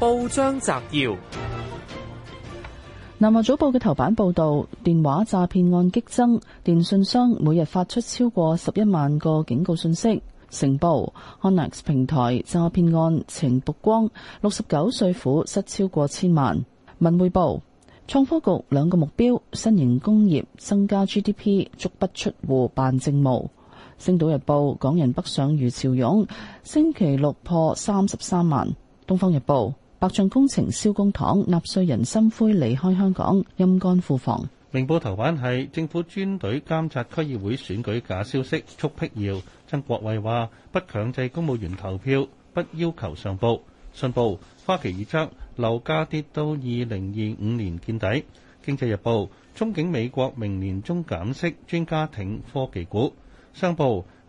報章摘要：南華早報嘅頭版報道，電話詐騙案激增，電信商每日發出超過十一萬個警告信息。成報，Onex 平台詐騙案情曝光，六十九歲婦失超過千萬。文匯報，創科局兩個目標：新型工業增加 GDP，足不出戶辦政務。星島日報，港人北上如潮湧，星期六破三十三萬。東方日報。白象工程燒公帑，納稅人心灰，離開香港，陰乾庫房。明報頭版係政府專隊監察區議會選舉假消息速辟謠，曾國衛話不強制公務員投票，不要求上報。信報，花旗預測樓價跌到二零二五年見底。經濟日報，憧憬美國明年中減息，專家挺科技股。商報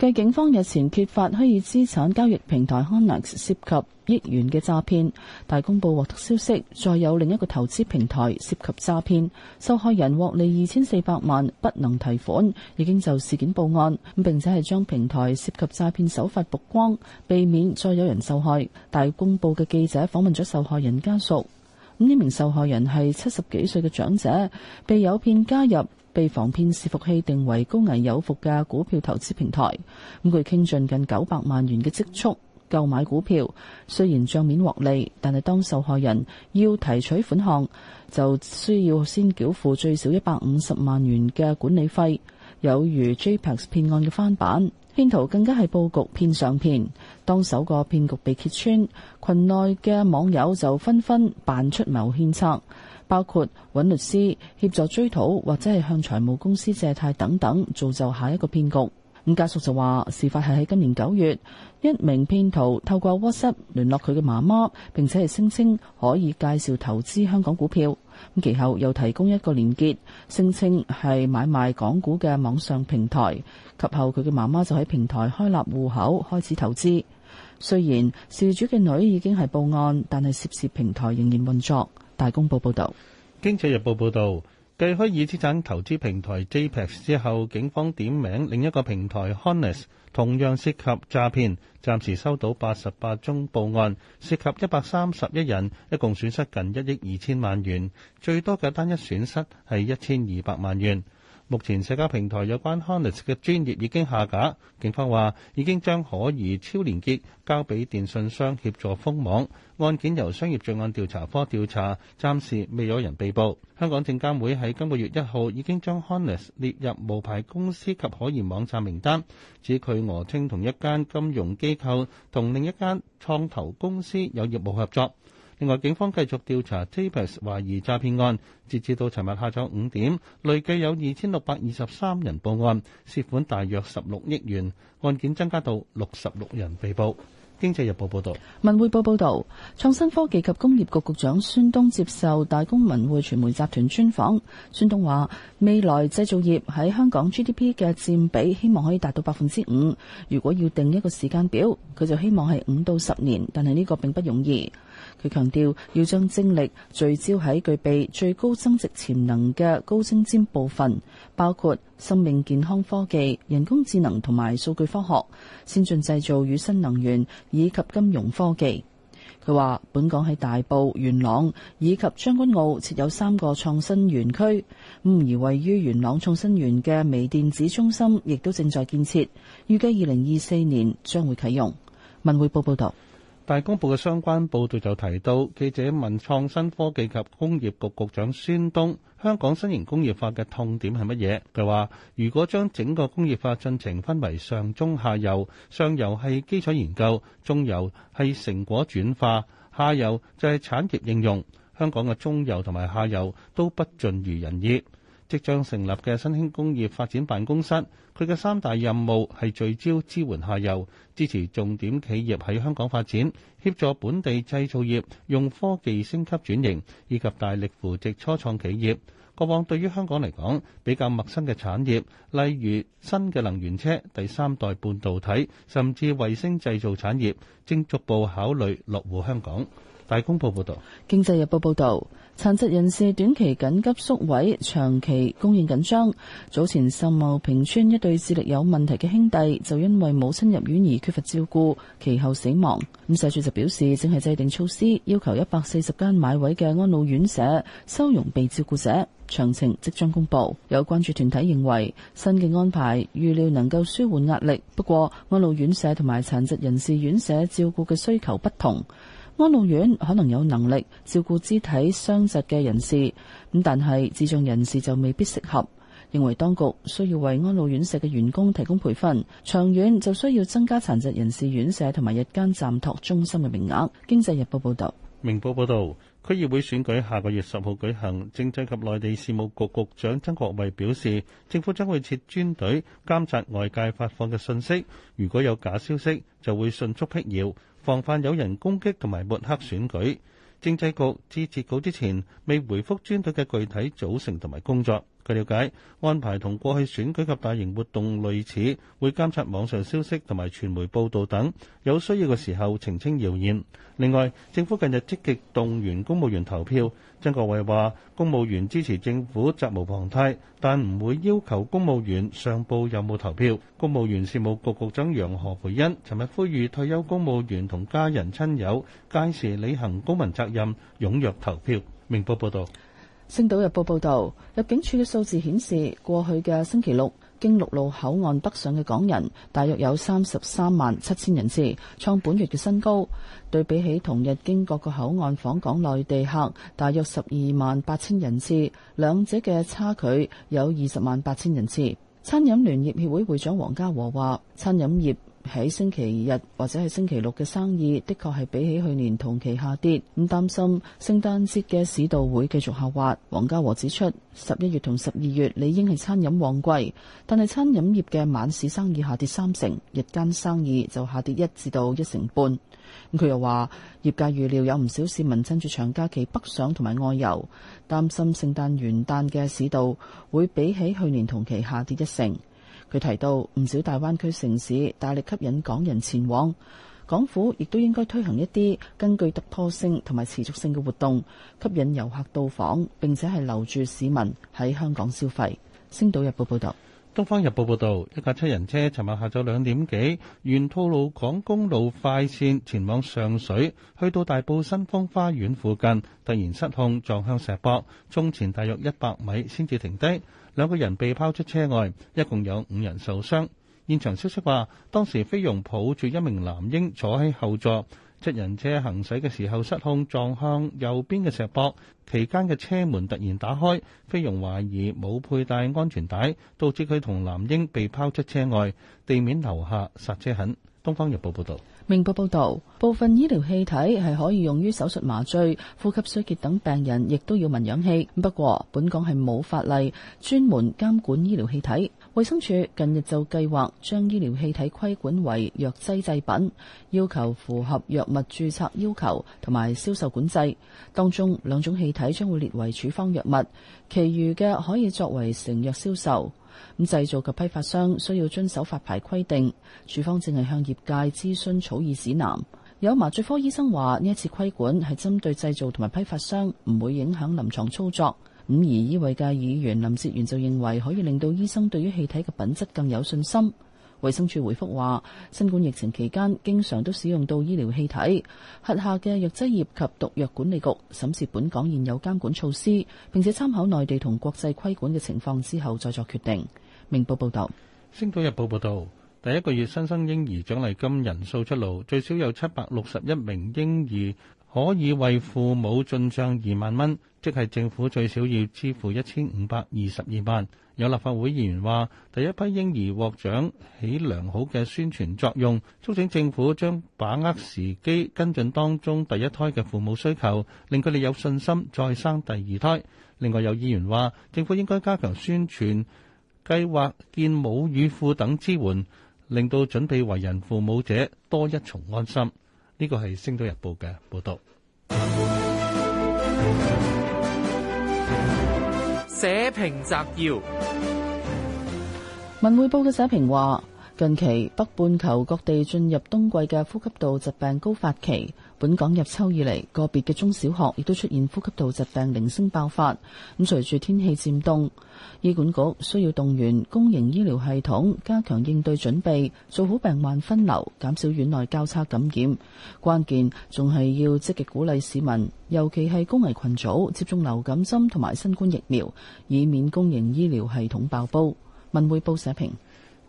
繼警方日前揭發虛擬資產交易平台 Onyx 涉及億元嘅詐騙，大公報獲得消息，再有另一個投資平台涉及詐騙，受害人獲利二千四百萬不能提款，已經就事件報案，並且係將平台涉及詐騙手法曝光，避免再有人受害。大公報嘅記者訪問咗受害人家屬，呢名受害人係七十幾歲嘅長者，被誘騙加入。被防騙視伏器定為高危有伏嘅股票投資平台，咁佢傾盡近九百萬元嘅積蓄購買股票，雖然賬面獲利，但係當受害人要提取款項，就需要先繳付最少一百五十萬元嘅管理費，有如 JPEX 騙案嘅翻版。騙徒更加係布局騙上騙，當首個騙局被揭穿，群內嘅網友就紛紛扮出謀獻策，包括揾律師協助追討，或者係向財務公司借貸等等，造就下一個騙局。咁家屬就話，事發係喺今年九月，一名騙徒透過 WhatsApp 聯絡佢嘅媽媽，並且係聲稱可以介紹投資香港股票。咁其後又提供一個連結，聲稱係買賣港股嘅網上平台。及後佢嘅媽媽就喺平台開立戶口，開始投資。雖然事主嘅女已經係報案，但係涉事平台仍然運作。大公報報道。經濟日報報道。繼虛擬資產投資平台 JPEX 之後，警方點名另一個平台 Honest 同樣涉及詐騙，暫時收到八十八宗報案，涉及一百三十一人，一共損失近一億二千萬元，最多嘅單一損失係一千二百萬元。目前社交平台有關 Honest 嘅專頁已經下架。警方話已經將可疑超連結交俾電信商協助封網。案件由商業罪案調查科調查，暫時未有人被捕。香港證監會喺今個月一號已經將 Honest 列入無牌公司及可疑網站名單，指佢訛稱同一間金融機構同另一間創投公司有業務合作。另外，警方繼續調查 JPEX 懷疑詐騙案，截至到尋日下晝五點，累計有二千六百二十三人報案，涉款大約十六億元，案件增加到六十六人被捕。經濟日報報道，文匯報報道，創新科技及工業局局長孫東接受大公文匯傳媒集團專訪。孫東話，未來製造業喺香港 GDP 嘅佔比，希望可以達到百分之五。如果要定一個時間表，佢就希望係五到十年，但係呢個並不容易。佢強調，要將精力聚焦喺具備最高增值潛能嘅高精尖部分，包括生命健康科技、人工智能同埋數據科學、先進製造與新能源以及金融科技。佢話本港喺大埔、元朗以及將軍澳設有三個創新園區，咁而位於元朗創新園嘅微電子中心，亦都正在建設，預計二零二四年將會啟用。文匯報報道。大公報嘅相關報道就提到，記者問創新科技及工業局局局長孫東。香港新型工業化嘅痛點係乜嘢？佢話：如果將整個工業化進程分為上中下游，上游係基礎研究，中游係成果轉化，下游就係產業應用。香港嘅中游同埋下游都不盡如人意。即將成立嘅新興工業發展辦公室，佢嘅三大任務係聚焦支援下游，支持重點企業喺香港發展，協助本地製造業用科技升級轉型，以及大力扶植初創企業。過往對於香港嚟講比較陌生嘅產業，例如新嘅能源車、第三代半導體，甚至衛星製造產業，正逐步考慮落戶香港。大公報報道，《經濟日報》報道，殘疾人士短期緊急縮位，長期供應緊張。早前，秀茂坪村一對智力有問題嘅兄弟就因為母親入院而缺乏照顧，其後死亡。咁社署就表示，正係制定措施，要求一百四十間買位嘅安老院舍收容被照顧者，詳情即將公布。有關注團體認為，新嘅安排預料能夠舒緩壓力，不過安老院舍同埋殘疾人士院舍照顧嘅需求不同。安老院可能有能力照顧肢體傷疾嘅人士，咁但係智障人士就未必適合。認為當局需要為安老院舍嘅員工提供培訓，長遠就需要增加殘疾人士院舍同埋日間暫託中心嘅名額。經濟日報報道，明報報導，區議會選舉下個月十號舉行，政制及內地事務局局，局長曾國衛表示，政府將會設專隊監察外界發放嘅訊息，如果有假消息，就會迅速辟謠。防範有人攻擊同埋抹黑選舉，政制局至截稿之前未回覆專隊嘅具體組成同埋工作。據了解，安排同過去選舉及大型活動類似，會監察網上消息同埋傳媒報導等，有需要嘅時候澄清謠言。另外，政府近日積極動員公務員投票。曾國衛話，公務員支持政府責無旁貸，但唔會要求公務員上報有冇投票。公務員事務局局長楊何培恩尋日呼籲退休公務員同家人親友屆時履行公民責任，踴躍投票。明報報道，《星島日報》報道，入境處嘅數字顯示，過去嘅星期六。經陸路口岸北上嘅港人，大約有三十三萬七千人次，創本月嘅新高。對比起同日經各個口岸訪港內地客，大約十二萬八千人次，兩者嘅差距有二十萬八千人次。餐飲聯業協會會長黃家和話：餐飲業。喺星期日或者係星期六嘅生意，的確係比起去年同期下跌。咁擔心聖誕節嘅市道會繼續下滑。黃家和指出，十一月同十二月理應係餐飲旺季，但係餐飲業嘅晚市生意下跌三成，日間生意就下跌一至到一成半。咁佢又話，業界預料有唔少市民趁住長假期北上同埋外遊，擔心聖誕元旦嘅市道會比起去年同期下跌一成。佢提到唔少大灣區城市大力吸引港人前往，港府亦都應該推行一啲更具突破性同埋持續性嘅活動，吸引遊客到訪，並且係留住市民喺香港消費。星島日報報道。《東方日報》報導，一架七人車尋日下晝兩點幾，沿吐露港公路快線前往上水，去到大埔新豐花園附近，突然失控撞向石壆，衝前大約一百米先至停低，兩個人被拋出車外，一共有五人受傷。現場消息話，當時菲傭抱住一名男嬰坐喺後座。七人車行駛嘅時候失控撞向右邊嘅石壁，期間嘅車門突然打開，菲傭懷疑冇佩戴安全帶，導致佢同男嬰被拋出車外，地面留下剎車痕。《東方日報》報道。明報報道，部分醫療氣體係可以用於手術麻醉、呼吸衰竭等病人，亦都要聞氧氣。不過，本港係冇法例專門監管醫療氣體。衛生署近日就計劃將醫療氣體規管為藥劑製品，要求符合藥物註冊要求同埋銷售管制。當中兩種氣體將會列為處方藥物，其餘嘅可以作為成藥銷售。咁製造及批發商需要遵守發牌規定，署方正係向業界諮詢草擬指南。有麻醉科醫生話：呢一次規管係針對製造同埋批發商，唔會影響臨床操作。咁而醫衞界議員林哲源就認為，可以令到醫生對於氣體嘅品質更有信心。衛生署回覆話，新冠疫情期間經常都使用到醫療氣體，轄下嘅藥劑業及毒藥管理局審視本港現有監管措施，並且參考內地同國際規管嘅情況之後再作決定。明報報導，《星島日報》報道：「第一個月新生嬰兒獎勵金人數出爐，最少有七百六十一名嬰兒。可以為父母進帳二萬蚊，即係政府最少要支付一千五百二十二萬。有立法會議員話：第一批嬰兒獲獎起良好嘅宣傳作用，促請政府將把握時機跟進當中第一胎嘅父母需求，令佢哋有信心再生第二胎。另外有議員話：政府應該加強宣傳計劃、建母乳庫等支援，令到準備為人父母者多一重安心。呢個係《星島日報》嘅報導。社評摘要：文匯報嘅社評話。近期北半球各地進入冬季嘅呼吸道疾病高發期，本港入秋以嚟，個別嘅中小學亦都出現呼吸道疾病零星爆發。咁隨住天氣漸凍，醫管局需要動員公營醫療系統加強應對準備，做好病患分流，減少院內交叉感染。關鍵仲係要積極鼓勵市民，尤其係高危群組接種流感針同埋新冠疫苗，以免公營醫療系統爆煲。文匯報社評。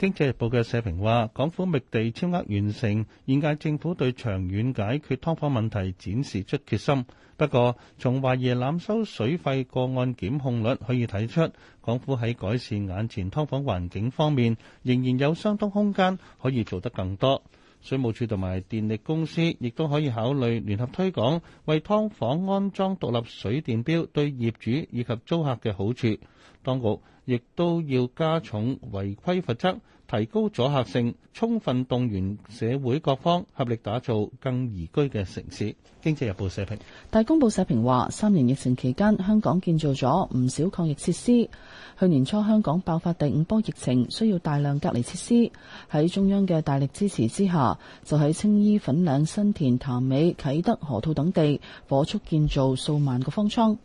經濟日報嘅社評話，港府覓地超額完成，現屆政府對長遠解決劏房問題展示出決心。不過，從懷疑濫收水費個案檢控率可以睇出，港府喺改善眼前劏房環境方面，仍然有相當空間可以做得更多。水務署同埋電力公司亦都可以考慮聯合推廣，為劏房安裝獨立水電表，對業主以及租客嘅好處。當局亦都要加重違規罰則，提高阻嚇性，充分動員社會各方，合力打造更宜居嘅城市。經濟日報社評。大公報社評話，三年疫情期間，香港建造咗唔少抗疫設施。去年初，香港爆發第五波疫情，需要大量隔離設施。喺中央嘅大力支持之下，就喺青衣、粉嶺、新田、潭尾、啟德、河套等地，火速建造數萬個方艙。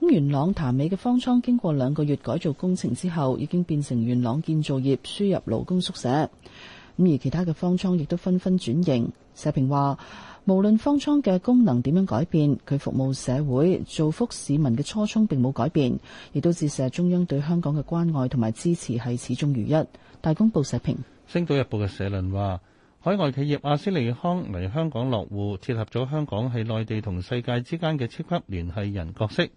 元朗潭尾嘅方艙經過兩個月改造工程之後，已經變成元朗建造業輸入勞工宿舍。咁而其他嘅方艙亦都紛紛轉型。社評話，無論方艙嘅功能點樣改變，佢服務社會、造福市民嘅初衷並冇改變，亦都折射中央對香港嘅關愛同埋支持係始終如一。大公報社評，星島日報嘅社論話。海外企業阿斯利康嚟香港落戶，切合咗香港係內地同世界之間嘅超級聯繫人角色。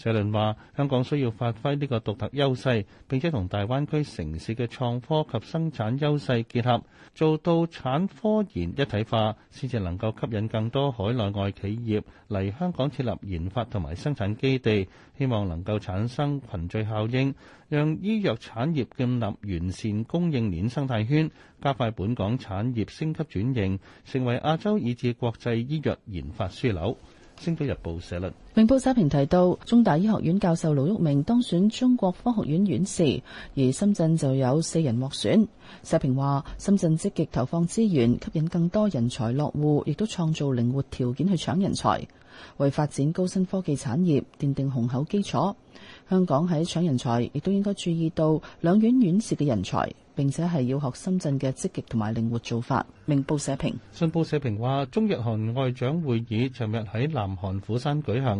社論話：香港需要發揮呢個獨特優勢，並且同大灣區城市嘅創科及生產優勢結合，做到產科研一體化，先至能夠吸引更多海內外企業嚟香港設立研發同埋生產基地，希望能夠產生群聚效應，讓醫藥產業建立完善供應鏈生態圈，加快本港產業升級轉型，成為亞洲以至國際醫藥研發樞紐。星島日報社論。明報社評提到，中大醫學院教授盧煜明當選中國科學院院士，而深圳就有四人獲選。社評話：深圳積極投放資源，吸引更多人才落戶，亦都創造靈活條件去搶人才，為發展高新科技產業奠定雄厚基礎。香港喺搶人才，亦都應該注意到兩院院士嘅人才，並且係要學深圳嘅積極同埋靈活做法。明報社評。信報社評話，中日韓外長會議尋日喺南韓釜山舉行。